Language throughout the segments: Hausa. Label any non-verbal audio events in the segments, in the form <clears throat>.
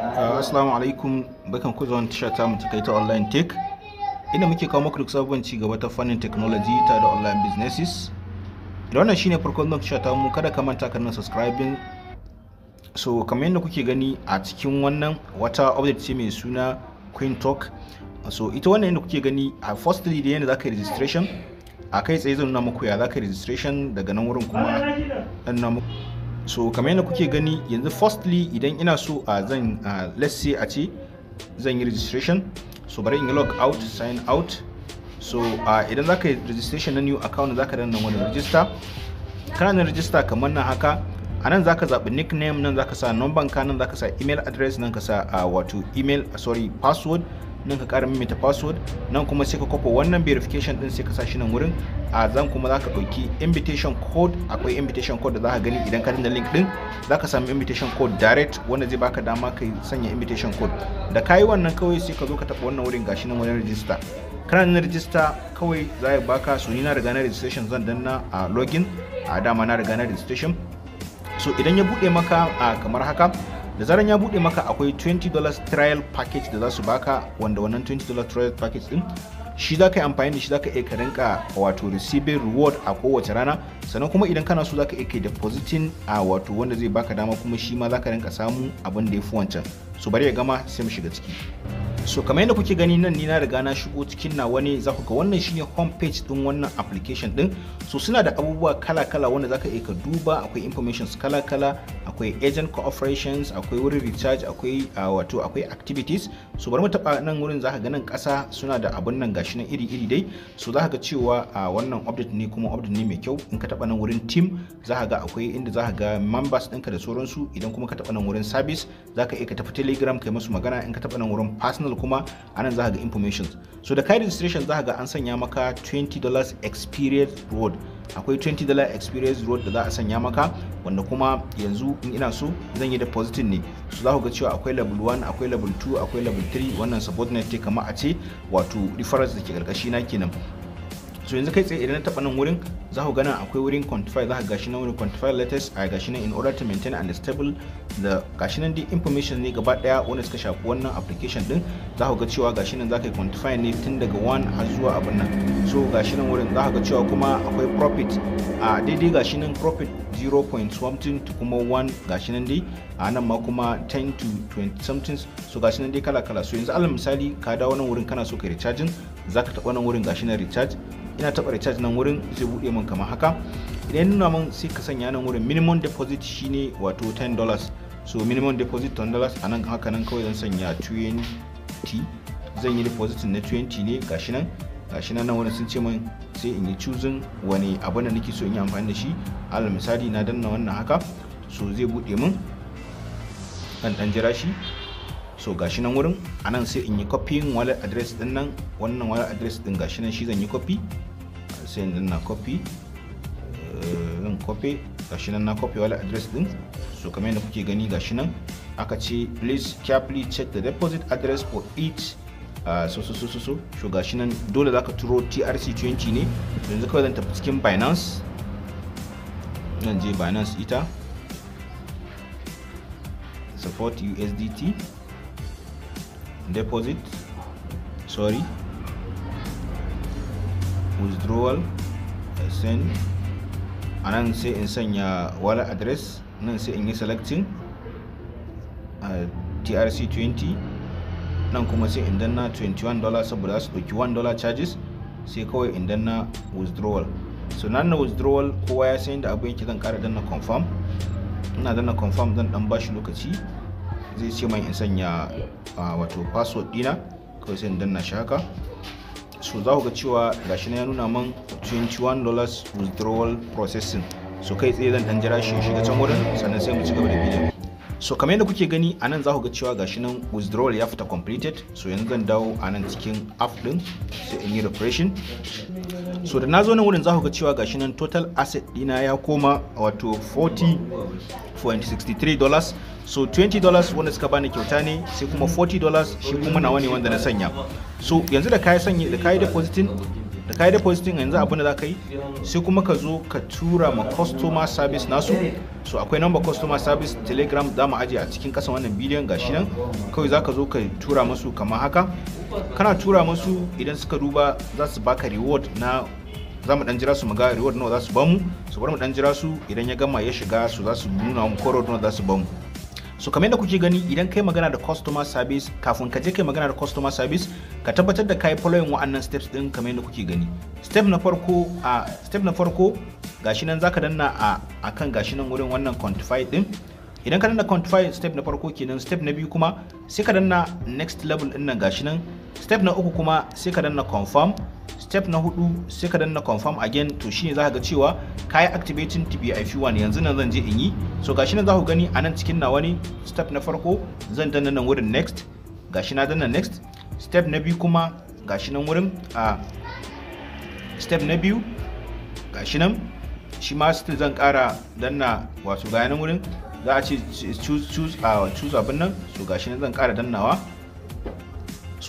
Uh, assalamu alaikum bakan ku zuwa tasha ta mu ta online tech inda muke kawo muku duk sabon ci gaba ta fannin technology ta da online businesses idan wannan shine farkon zuwa tasha ta mu kada ka manta kan subscribing so kamar yadda kuke gani a cikin wannan wata update ce mai suna queen talk so ita wannan yadda kuke gani a first day da yadda za ka yi registration a kai tsaye zan nuna muku ya za ka yi registration daga nan wurin kuma dan nuna so kamar yadda kuke gani yanzu firstly idan ina so a ah, zan ah, let's say a ce zan yi registration so bari in yi log out sign out so ah, idan za ka yi registration na new account za ka nan wani register kana na register kamar nan haka a nan za ka zaɓi nickname nan za ka sa number ka nan za ka sa email address nan ka sa wato email sorry password nan ka ƙara mimita password nan kuma sai ka kwafa wannan verification din sai ka sa shi nan wurin a zan kuma za ka ɗauki invitation code akwai invitation code da za ka gani idan ka da link din za ka samu invitation code direct wanda zai baka dama ka sanya invitation code da ka yi wannan kawai sai ka zo ka taɓa wannan wurin gashi nan wurin register kana na rijista kawai za ya baka su ni na riga na registration zan danna a login a dama na riga na registration so idan ya buɗe maka kamar haka da zaran ya bude maka akwai $20 trial package da za su baka wanda wannan $20 trial package din shi za ka yi amfani da shi za ka iya rinka wato receive reward a kowace rana sannan kuma idan kana so za ka iya depositing a wato wanda zai baka dama kuma shi ma za ka rinka samu abin da ya fi wancan so bari ya gama sai mu shiga ciki so kamar yadda kuke gani nan ni na riga na shigo cikin na wani za ku ga wannan shine home page din wannan application din so suna da abubuwa kala-kala wanda zaka iya ka duba akwai informations kala-kala akwai agent cooperations akwai wurin recharge akwai ah, wato akwai activities so bari mu taba nan wurin za ga nan kasa suna da abun nan gashi nan iri-iri dai so za ga cewa a ah, wannan update ne kuma update ne mai kyau in ka taba nan wurin team za ga akwai inda za ga members ɗinka da sauransu idan kuma ka taba nan wurin service zaka ka iya ka tafi telegram kai musu magana in ka taba nan wurin personal channel kuma anan za ga informations so da kai registration za ga an sanya maka $20 experience road akwai $20 experience road da za a sanya maka wanda kuma yanzu in ina so zan yi positin ne so za ku ga cewa akwai level 1 akwai level 2 akwai level 3 wannan subordinate kamar a ce wato reference da ke karkashi na kenan so yanzu kai tsaye idan na taba nan wurin za ku gana akwai wurin quantify za ka gashi nan wurin quantify letters a gashi nan in order to maintain and stable da gashi nan din information ne gaba daya wanda suka shafi wannan application din za ku ga cewa gashi nan za ka yi quantify ne tun daga 1 har zuwa abin nan so gashi nan wurin za ka ga cewa kuma akwai profit a daidai gashi nan profit 0.1 to kuma 1 gashi nan dai a nan ma kuma 10 to 20 something so gashi nan dai kala kala so yanzu alal misali ka dawo nan wurin kana so ka recharging za ka taɓa nan wurin gashi nan recharge ina taɓa recharge nan wurin zai buɗe min kamar haka idan nuna mun sai ka sanya nan wurin minimum deposit shine wato 10 dollars so minimum deposit 10 dollars a nan haka nan kawai zan sanya 20 zan yi deposit na 20 ne gashi nan gashi nan wurin sun ce min sai in yi choosing wani abin da nake so in yi amfani da shi alal misali na danna wannan haka so zai buɗe min kan dan jira shi so gashi nan wurin anan sai in yi copying wallet address din nan wannan wallet address din gashi nan shi zan yi copy sai in na copy eh, zan copy gashi nan na copy wala address din so kamar yadda kuke gani gashi nan aka ce please carefully check the deposit address for each ah, so so so so so so gashi nan dole zaka turo TRC20 ne yanzu kawai zan tafi cikin Binance nan je Binance ita support USDT deposit sorry withdrawal I eh, send a nan sai in sanya wallet address nan sai in yi selecting uh, eh, trc20 nan kuma sai in danna 21 dollar saboda su ɗauki 1 dollar charges sai kawai in danna withdrawal so nan na withdrawal kowa ya san da abu yake zan kara danna confirm ina danna confirm zan dan bashi lokaci zai ce mai in sanya ah, wato password dina kawai sai in danna shaka haka so za ku ga cewa gashi na ya nuna man 21 dollars withdrawal processing so kai tsaye zan dan jira shi shiga can wurin sannan sai mu ci gaba da bidiyon so kamar yadda kuke gani a nan za ku ga cewa gashi nan withdrawal ya fita completed so yanzu zan dawo a nan cikin app din so in yi refreshin so da na zo nan wurin za ku ga cewa gashi nan total asset dina ya koma wato 40.63 dollars so 20 dollars wanda suka bani kyauta ne sai kuma 40 dollars shi kuma nawa ne wanda na sanya so yanzu da kayi sanya da kayi depositing da kai depositing yanzu abin da za ka yi sai kuma ka zo ka tura ma customer service nasu so akwai number customer service telegram za mu ajiye a cikin kasan wannan bidiyon gashi nan kawai za ka zo ka tura musu kamar haka kana tura musu idan suka duba za su baka reward na za mu dan jira su mu ga reward nawa za su bamu su bar mu dan jira su idan ya gama ya shiga su za su nuna mu nawa za su bamu so kamar yadda kuke gani idan kai magana da customer service kafin ka je kai magana da customer service ka tabbatar da kai following wa'annan steps din kamar yadda kuke gani step na farko a step na farko gashi nan zaka danna a akan gashi nan wurin wannan quantify din idan ka danna quantify step na farko kenan step na biyu kuma sai ka danna next level din nan gashi nan step na uku kuma sai ka danna confirm step na hudu sai ka danna confirm again to shine za ka ga cewa ka yi activating tbif1 yanzu nan zan je in yi so gashi nan za ku gani a nan cikin nawa ne step na farko zan danna nan wurin next gashi na danna next step na biyu kuma gashi nan wurin a step na biyu gashi nan shi ma still zan kara danna wato ga nan wurin za a ce choose abin nan so gashi nan zan kara dannawa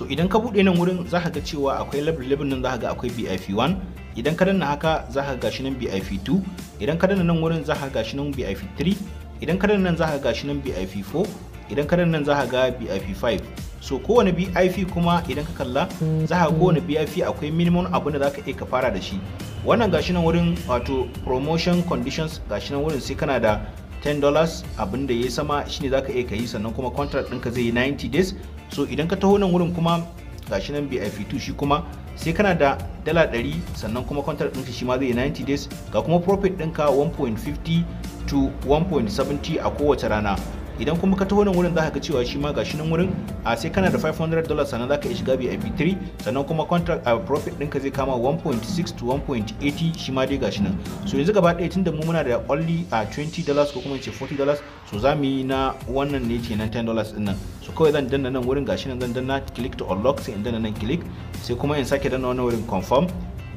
so idan ka buɗe nan wurin za ka ga cewa akwai level level nan za ka ga akwai bif1 idan ka danna haka za ka ga shi nan bif2 idan ka danna nan wurin za ka ga shi nan bif3 idan ka danna nan za ka ga shi nan bif4 idan ka danna nan za ka ga bif5 so kowane bif kuma idan ka kalla za ka kowane bif akwai minimum abin da za ka iya ka fara da shi wannan gashi nan wurin wato promotion conditions gashi nan wurin sai kana da $10 abin da ya sama shine za ka iya ka yi sannan kuma contract ɗinka zai yi 90 days so idan ka taho nan wurin kuma gashi nan bif2 shi kuma sai kana da dala 100 sannan kuma contract ɗinka shi ma zai 90 days ga kuma profit ɗinka 1.50 to 1.70 a kowace rana idan kuma ka taho nan wurin za ka cewa shi ma gashi nan wurin a sai kana da 500 dollars sannan za ka iya shiga BFP3 sannan kuma contract a profit ɗinka zai kama 1.6 to 1.80 shi ma dai gashi nan so yanzu gaba ɗaya tunda mu muna da only a 20 dollars ko kuma ce 40 dollars so za mu yi na wannan ne kenan 10 dollars ɗin nan so kawai zan danna nan wurin gashi nan zan danna click to unlock sai in danna nan click sai kuma in sake danna wannan wurin confirm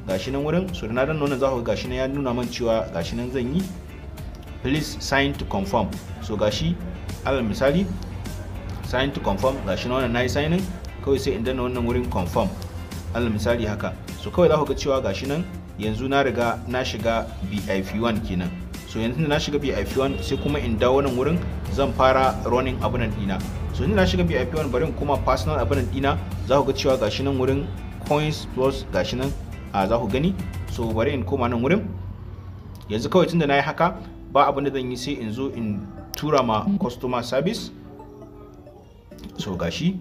gashi nan wurin so da na danna wannan za ku gashi nan ya nuna man cewa gashi nan zan yi please sign to confirm so gashi alal misali sign to confirm gashi na wannan nayi signing kawai sai in danna wannan wurin confirm alal misali haka so kawai za ku ga cewa gashi nan yanzu na riga na shiga bif1 kenan so yanzu na shiga bif1 sai kuma in dawo nan wurin zan fara running abunan dina so yanzu na shiga bif1 bari kuma personal abunan dina za ku ga cewa gashi nan wurin coins plus gashi nan a za ku gani so bari in koma nan wurin yanzu kawai tunda na yi haka ba abin da zan yi sai in zo in tura ma customer service so gashi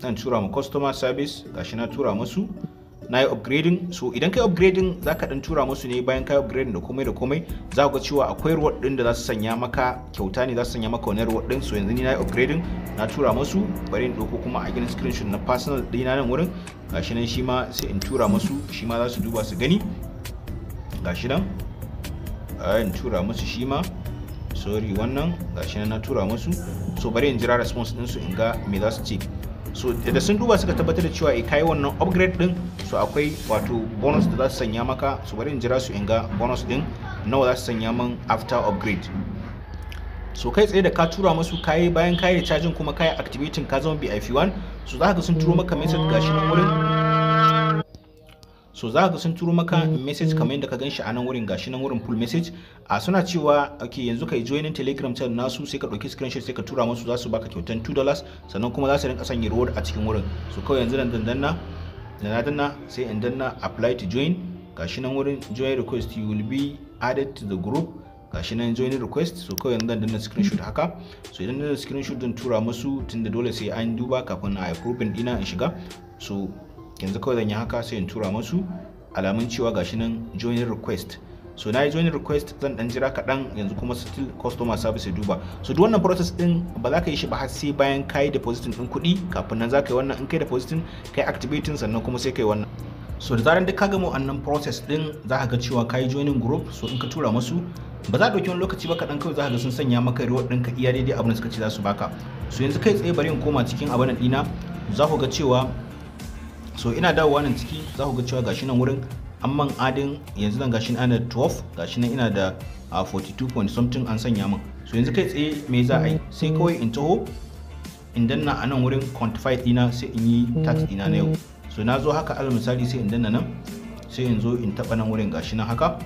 dan tura ma customer service gashi na tura musu na yi upgrading so idan kai upgrading za ka dan tura musu ne bayan kai upgrading da komai da komai za ga cewa akwai reward din da za su sanya maka kyauta ne za su sanya maka wani reward din so yanzu ni na yi upgrading na tura musu bari in dauko kuma a gidan screenshot na personal dina nan wurin gashi nan shi ma sai in tura musu shi ma za su duba su gani gashi nan a in tura musu shi ma sorry wannan gashi na tura musu so bari in jira response din su in ga me za su ce so da sun duba suka tabbatar da cewa eh kai wannan upgrade din so akwai wato bonus da za su sanya maka so bari in jira su in ga bonus din nawa za su sanya min after upgrade so kai tsaye da ka tura musu kayi bayan kayi da cajin kuma kai activating ka zama bif1 so za ka sun turo maka message gashi nan wurin so za ka sun turo maka mm-hmm. message kamar yadda ka gan shi a nan wurin gashi nan wurin full message a suna cewa ok yanzu ka yi joinin telegram channel nasu sai ka ɗauki screenshot sai ka tura musu za su baka kyautan 2 dollars sannan kuma za su rinka sanya reward a cikin wurin so kawai yanzu nan dandanna da na danna sai in danna apply to join gashi nan wurin join request you will be added to the group gashi nan join request so kawai yanzu nan danna screenshot haka so idan na screenshot din tura musu tunda dole sai an duba kafin a din dina in shiga so yanzu kawai zan yi haka sai in tura musu alamun cewa gashi nan join request so na yi join request zan dan jira kaɗan yanzu kuma still customer service duba so duk wannan process din ba za ka yi shi ba har sai bayan ka yi depositing din kuɗi kafin nan za ka yi wannan in kai depositing ka yi activating sannan kuma sai ka yi wannan so da zaran duk ka gama wannan process din za ka ga cewa ka yi joining group so in ka tura musu ba za a ɗauki wani lokaci ba kaɗan kawai za ka ga sun sanya maka reward ka iya daidai abin da suka ce za su baka so yanzu kai tsaye bari in koma cikin abin ɗina za ku ga cewa so ina dawowa nan ciki za ku ga cewa gashi nan wurin amman adin yanzu nan gashi ana 12 gashi nan ina da 42 ah, point something an sanya min so yanzu kai tsaye me za a yi sai kawai in taho in danna a nan wurin quantify dina sai in yi tax dina na yau so na zo haka alal misali sai in danna nan sai in zo in taba nan wurin gashi nan haka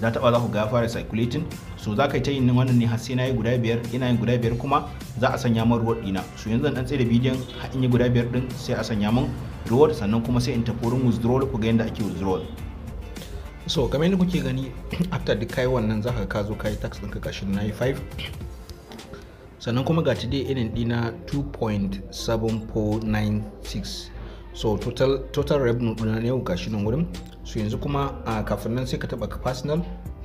na taba za ku ga fara circulating so za ka yi ta yin wannan ne har sai na yi guda biyar ina yin guda biyar kuma za a sanya man reward ɗina so yanzu dan tsaye da bidiyon har in yi guda biyar din sai a sanya man reward sannan kuma sai in tafi wurin withdrawal ku ga yadda ake withdrawal so kamar yadda kuke gani <clears throat> after duk kai wannan za ka ka zo ka yi tax ɗinka yi sannan kuma ga today irin dina 2.7496 so total total revenue na ne yau gashi nan wurin su yanzu kuma a kafin nan sai ka taba ka personal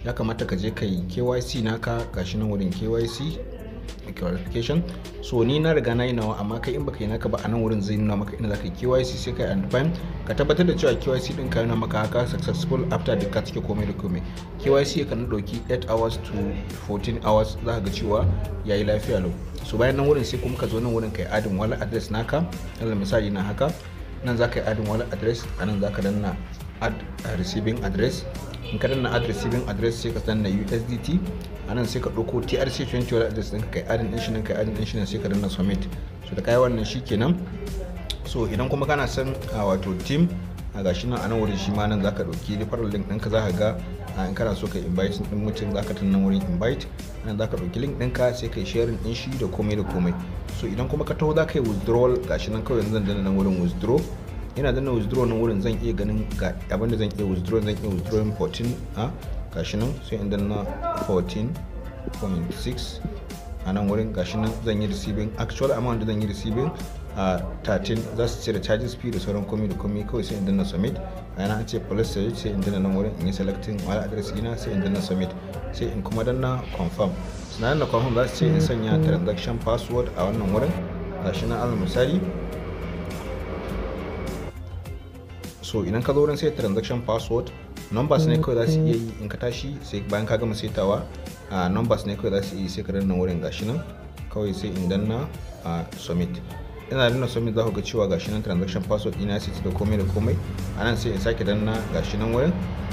ya kamata ka je ka yi kyc naka gashi nan wurin kyc clarification so ni na riga na yi nawa amma kai in baka yi naka ba a nan wurin zai nuna maka inda zaka yi KYC sai yi and fine ka tabbatar da cewa KYC din ka nuna maka haka successful after da ka cike komai da komai KYC ya kan dauki 8 hours to 14 hours za ka ga cewa ya yi lafiya lau so bayan nan wurin sai kuma ka zo nan wurin kai adin wala address naka alal misali na haka nan za ka yi adin wala address a nan za ka danna ad receiving address in ka danna ad receiving address sai ka danna USDT anan sai ka ɗauko TRC20 wani address ɗin ka kai adin ɗin shi nan kai adin ɗin shi nan sai ka danna submit so da kai wannan shi kenan so idan kuma kana son wato team a gashi nan anan wurin shi ma nan zaka dauki referral link ɗinka za ka ga in kana so ka invite din mutum za ka nan wurin invite anan za ka dauki link ɗinka sai kai sharing din shi da komai da komai so idan kuma ka taho za ka yi withdrawal gashi nan kawai yanzu zan danna nan wurin withdraw ina na withdraw nan wurin zan iya ganin ga abinda zan iya withdraw zan iya withdraw 14 a ah, gashi nan sai in danna 14.6 a nan wurin gashi nan zan yi receiving actual amount da zan yi receiving a 13 za su ce da charges fee da sauran komi da komi kawai sai in danna submit a yana an ce plus search sai in danna nan wurin in yi selecting wala address ina sai in danna submit sai in kuma danna confirm sannan na confirm za su ce in sanya transaction password a wannan wurin gashi nan alal misali so idan ka zo wurin sai transaction password numbers ne kawai za su iya yi in ka tashi sai bayan ka gama setawa a numbers ne kawai za su iya sai ka danna wurin gashi nan kawai sai in danna a submit ina danna submit za ku ga cewa gashi nan transaction password ina sai da komai da komai a nan sai in sake danna gashi nan wurin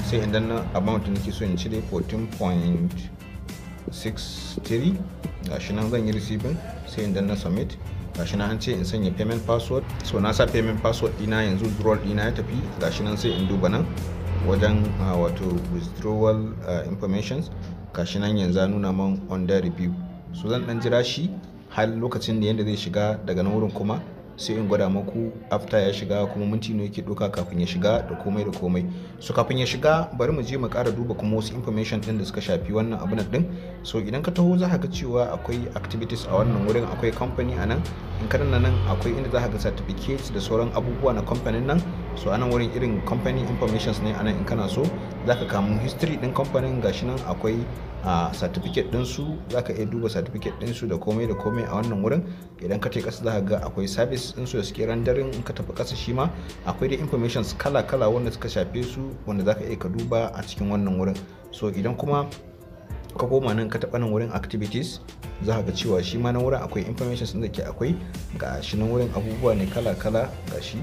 sai in danna amount da nake so in cire 14.63 gashi nan zan yi receiving sai in danna submit gashi na an ce in sanya payment password so na sa payment password dina yanzu withdrawal dina ya tafi gashi nan sai in duba nan wajen wato withdrawal informations gashi nan yanzu nuna man under review so zan dan jira shi har lokacin da yadda zai shiga daga nan wurin kuma sai in gwada muku afta ya shiga kuma minti ne yake doka kafin ya shiga da komai da komai so kafin ya shiga bari mu je mu kara duba kuma wasu information din da suka shafi wannan abun din so idan ka taho za ka ga cewa akwai activities a wannan wurin akwai company a nan in ka nan akwai inda za ka ga certificates da sauran abubuwa na company nan so nan wurin irin company informations ne a nan in kana so za ka kamu history din kamfanin gashi nan akwai a certificate ɗinsu za ka iya duba certificate su da komai da komai a wannan wurin idan ka je ƙasa za ka ga akwai service dinsu da suke randarin in ka tafi ƙasa shi ma akwai da information kala kala wanda suka shafe su wanda za ka iya ka duba a cikin wannan wurin so idan kuma ka koma nan ka taɓa nan wurin activities za ka ga cewa shi ma na wurin akwai information sun da ke akwai ga shi nan wurin abubuwa ne kala kala ga shi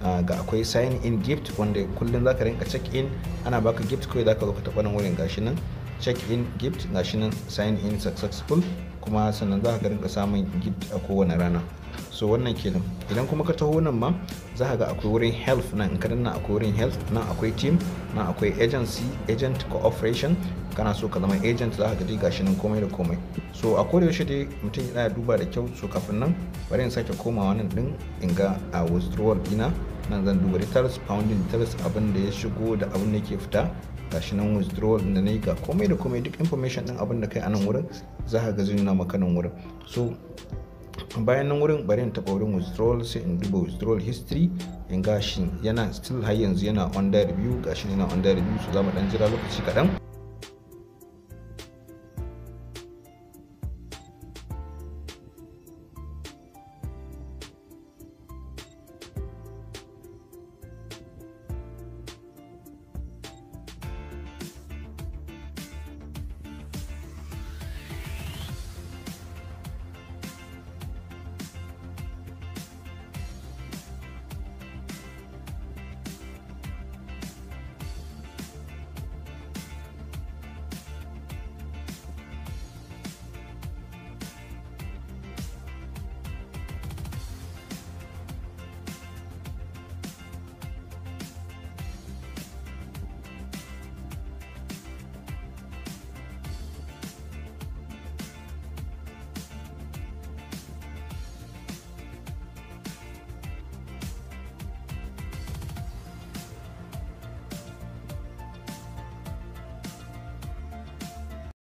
ga akwai sign in gift wanda kullum za ka rinka check in ana baka gift kawai za ka zo ka taɓa nan wurin ga shi nan check-in gift gashi nan sign in successful kuma sannan za ka rinka samun gift a kowane rana so wannan kenan idan kuma ka taho nan ma za ka ga akwai wurin health nan in ka akwai wurin health nan akwai team nan akwai agency agent cooperation kana so ka zama agent za ka ga gashi nan komai da komai so a koda yaushe dai mutum yana duba da kyau so kafin nan bari in sake komawa nan din in ga a withdrawal dina nan zan duba details pounding details abin da ya shigo da abin da ke fita gashi nan withdrawal da na yi ga komai da komai duk information din abin da kai a nan wurin za ka ga zai nuna maka nan wurin so bayan nan wurin bari in taɓa wurin withdrawal sai in duba withdrawal history in gashi yana still har yanzu yana under review gashin yana under review so za mu dan jira lokaci kaɗan